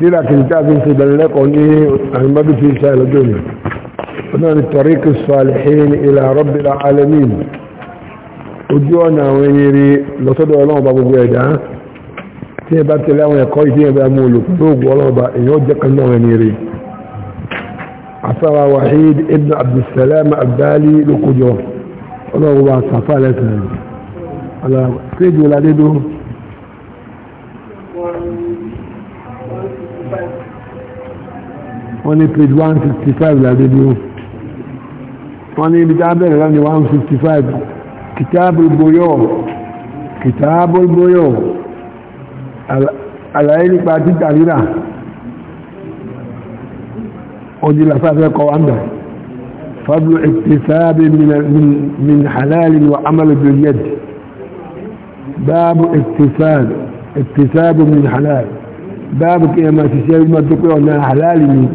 nílà kìí tàbí ṣe ìdánilẹ́kọ̀ọ́ ní àìmọ́dú fi ṣe ìlọ́jọ́ ìlú ọ̀nà ni tariq salihin ila rabbil alamin ojú ọ̀nà àwọn eré lọ́sọ́dọ̀ ọlọ́ọ̀bá gbogbo ẹ̀dá tí ẹ bá tẹ̀lé àwọn ẹ̀kọ́ ìdí ẹ̀bá mú olù pẹ̀lú ògbó ọlọ́ọ̀bá èyàn jẹ́ kan náà ẹni eré asawa wahid ibn abdulsalam abdali lókojọ ọlọ́ọ̀bá sàfà lẹ́sìn wọ́n ní page 165 láti dúró wọ́n ní ibi tábẹ̀rẹ̀ láti 165 kìtàbùl bóyọ̀ kìtàbùl bóyọ̀ àlàyé nípa títà rírà odi lafafẹ́ kọ wá ń bẹ̀ fadlu iktisabi min halalin wa amalu bil yad babu iktisabi iktisabi min halal babu kí ẹ máa ṣiṣẹ́ ìmọ̀ tó pé ọ̀nà halal ni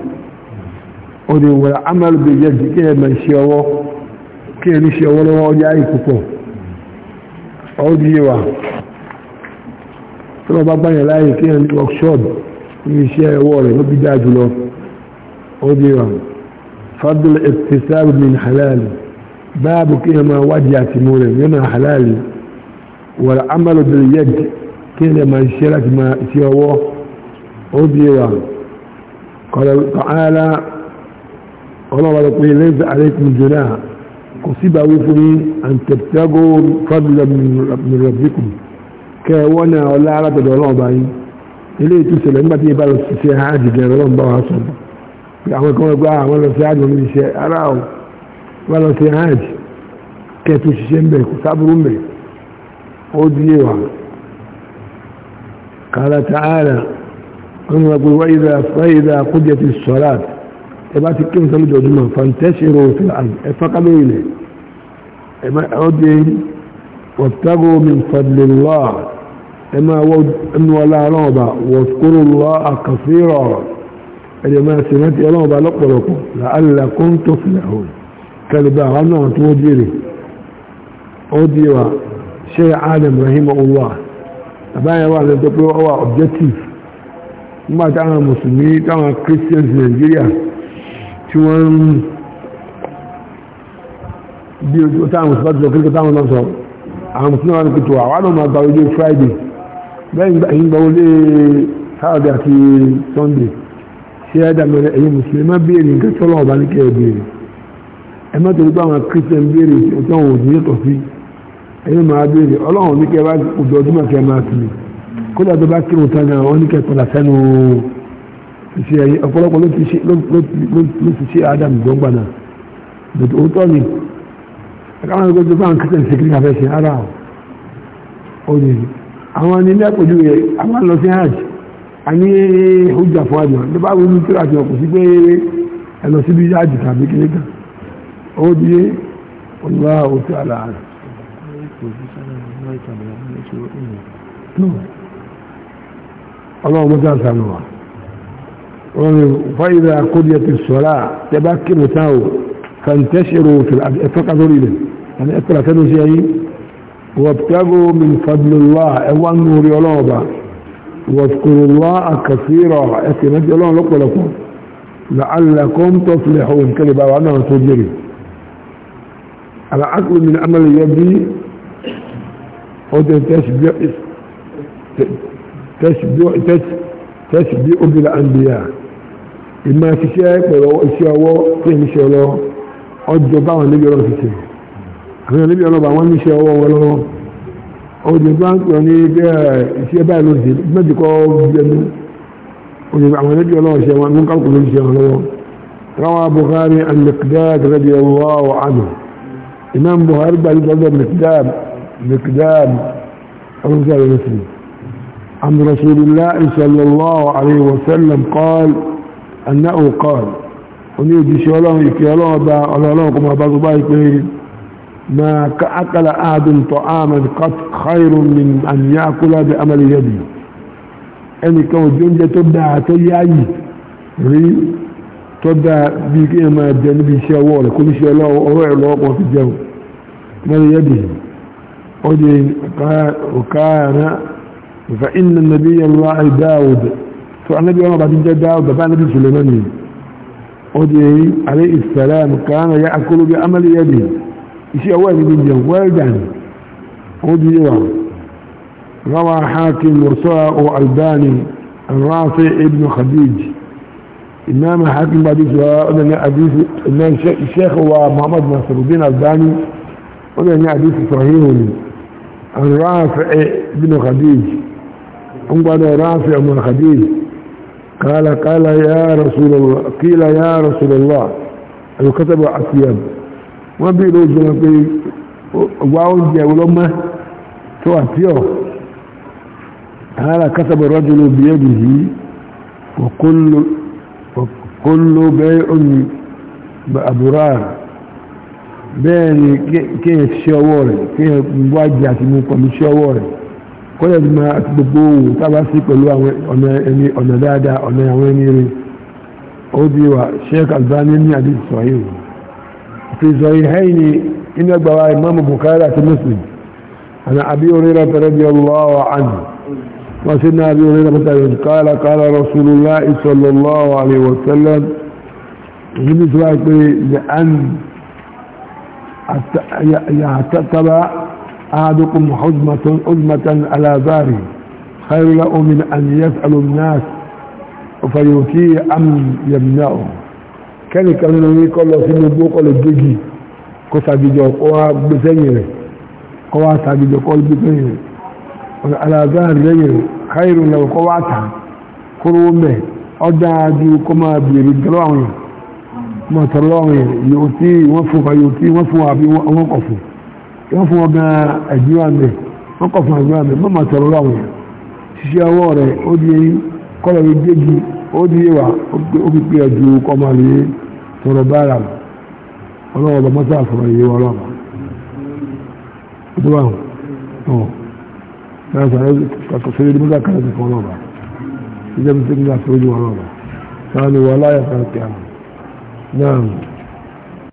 ó dé wọ́n amalu bí yẹ́ kí ẹ máa ṣe ọwọ́ kí ẹ ní ṣe ọwọ́ lọ́wọ́ ọjà ayé púpọ̀ ó di yé wa tó lọ bá báyẹ̀ láàyè kí ẹ ní workshop ní iṣẹ́ ọwọ́ rẹ̀ ló bí dáa jùlọ ó di yé wa fadl halal báàbù kí ẹ máa wádìí àtìmú rẹ̀ yóò halal wọ́n amalu bí kí ẹ máa ṣe láti máa ṣe ọwọ́ ó di yé تعالى ọlọ́wọ́ rẹ̀ pé lẹ́sẹ̀ àríkùn jùlọ kò síbà wí fún yí àǹtẹ̀tẹ́gò fadúlẹ̀ mìíràbíkùn kẹ wọ́n náà ọlá alátọ̀dọ̀ ọlọ́ọ̀bá yìí ilé ìtúsẹ̀lẹ̀ nígbàtí ìbá lọ sí ṣe hajj gẹ̀rẹ̀ ọlọ́run bá wa sọ pé àwọn kan gbá àwọn ah, lọ sí hajj omi iṣẹ́ ara ò wá ابات كيف فانتشروا في الارض فقبيله اما اودين واتقوا من فضل الله اما ود ان ولا رضا واذكروا الله كثيرا اما سمعت يا رب لقبلكم لعل كنت في العون غنى توديني اوديوا شيء عالم رحمه الله ابا يا واحد انت هو اوبجيكتيف ما تعمل مسلمين تعمل كريستيانز نيجيريا tí wọ́n ń rìn bí ojú táwọn òṣìṣẹ́ ti sọ kíríkẹ́ táwọn náà sọ àwọn mùsùlùmí wọn kò tó àwọn àwọn ọmọ àgbà ojú friday bẹ́ẹ̀ ń gba olé saturday àti sunday ṣé ẹ dàgbà ẹ̀yin mùsùlùmí má béèrè nǹkan tí ọlọ́wọ́ bá ní kẹ́ ẹ béèrè ẹ má torí pé àwọn christian béèrè tí wọn ò ní sí ẹ̀yin máa béèrè ọlọ́wọ́ ní kẹ́ ẹ bá ojú ọdún mọ̀ kẹ́ ẹ máa tì iṣẹ́ ọpụlọpụ ọ̀pọ̀lọpọ̀ ló ti ṣe adam gbọ́ngbà náà bẹ̀tẹ̀ òótọ́ ni àwọn ẹgbẹ́ tó bá ń kíkẹ́ ìṣe kíkà fẹ́ ṣe ara ọ̀ òní àwọn nílé àpòjú rẹ̀ àwọn lọ sí hajj a ní fún àjọ ló bá tó àjọ kò sí pé ẹ lọ síbi hajj tàbí kíní kan ó di àlà فإذا قضيت الصلاة تبكر تاو فانتشروا في الأرض فقدوا لي يعني أتلا كانوا شيئين وابتغوا من فضل الله وانه ريولوبا واذكروا الله كثيرا نجي الله لكم لكم لعلكم تفلحون كلبا وانا تجري العقل من عمل يدي تشبع تشبع تشبع بالأنبياء ìmá ṣiṣẹ́ pẹ̀lú iṣẹ́ ọwọ́ tí ń ṣe lọ ọjọ́ báwọn níbi ọlọ́ ti ṣe àwọn níbi ọlọ́ bá wọn ní iṣẹ́ ọwọ́ wọn lọ́wọ́ ọjọ́ bá ń pè ní iṣẹ́ báyìí ló ṣe méjì kọ́ gbẹnu ọjọ́ àwọn níbi ọlọ́ ṣe wọn ní kálukú ló ṣe wọn lọ́wọ́ rawa buhari al-mikdad radiyallahu anhu imam buhari gbàlú gbọ́dọ̀ mikdad mikdad ọlọ́sẹ̀ rẹ̀ rẹ̀ sí عن رسول الله صلى الله عليه وسلم قال أنه قال أن الله يكي الله يكي ما أكل أحد طعاما قد خير من أن يأكل بأمل يدي أن كان جنجة تبدا تياي أي ري تبدا bí kí ẹ máa jẹ níbi iṣẹ́ ọwọ́ rẹ̀ kó ní ṣe ọwọ́ ẹ̀rọ ọkọ̀ fi jẹun سو النبي وما بعدين جدا كان يأكل بعمل يده يسي أولي من جنب والدان ودي روى حاكم مرسوع ألباني الرافع ابن خديج إمام حاكم بعد ذلك إمام الشيخ هو محمد ناصر الدين الباني وده أن يعديث صحيح الرافع ابن خديج هم قالوا رافع ابن خديج قال قال يا رسول الله قيل يا رسول الله أنه كتب ما بيلو جنبي واو ولما تو أتيو قال كتب الرجل بيده وكل وكل بيع بأبرار بين كيف شاوري كيف مواجهة مقام شاوري kọ́lẹ̀ ní máa gbogbo òwò tábà sí pẹ̀lú ọ̀nà dáadáa ọ̀nà àwọn ẹni rẹ̀ ó di wà sheik albani ní àdìsí sọ̀hìn fi sọ̀hìn hẹ́yìn ní inú ẹgbà wa imam bukari àti muslim àna àbí orílẹ̀ radiyallahu anhu wọ́n sí náà àbí orílẹ̀ pẹ̀lú qala qala rasulullah sallallahu alaihi wasallam ìgbìmí sọ wáyé pé yàtàtàbà أحدكم حزمة أزمة على ذاري خير له من أن يسأل الناس فيوتيه أم يمنعه kẹ́lì kan nínú yí kọ́ lọ sínú igbó kọ́ lè gbégi kó sàgbìjọ kó wá gbé sẹ́yìn rẹ̀ kó wá sàgbìjọ kó gbé sẹ́yìn rẹ̀ ọ̀nà aláàzáà lẹ́yìn rẹ̀ káyìrò lẹ́wọ̀ kó wá tà kúrò mẹ́ ọdá ju kó máa bèèrè gẹ́lọ́wìn mọ̀tọ̀lọ́wìn yóò tí wọ́n fún wa yóò tí wọ́n fún wa bí wọ́n kọ̀ fún wọ́n fún ọgá ẹ̀díwà mẹ́ wọ́n kọ̀ fún ẹ̀díwà mẹ́ mọ́mà sọ̀rọ̀ láwọn yẹn ṣiṣẹ́ ọwọ́ rẹ̀ ó di kọ́lọ̀ rẹ̀ gbégi ó di wà ó fi pé ẹ̀dù kọ́mà lè sọ̀rọ̀ bára ọlọ́wọ́ bá mọ́sá sọ̀rọ̀ yìí wọ́n lọ́wọ́ ó tó bá wọn tó náà sọ̀rọ̀ kàkọ́ sórí ẹni mọ́sá kàrẹ́ ti kọ́ lọ́wọ́ ìjẹ́ mi ti ń gbà sórí wọn lọ́wọ́ sáà ni wọ́n láyà kàrẹ́ kí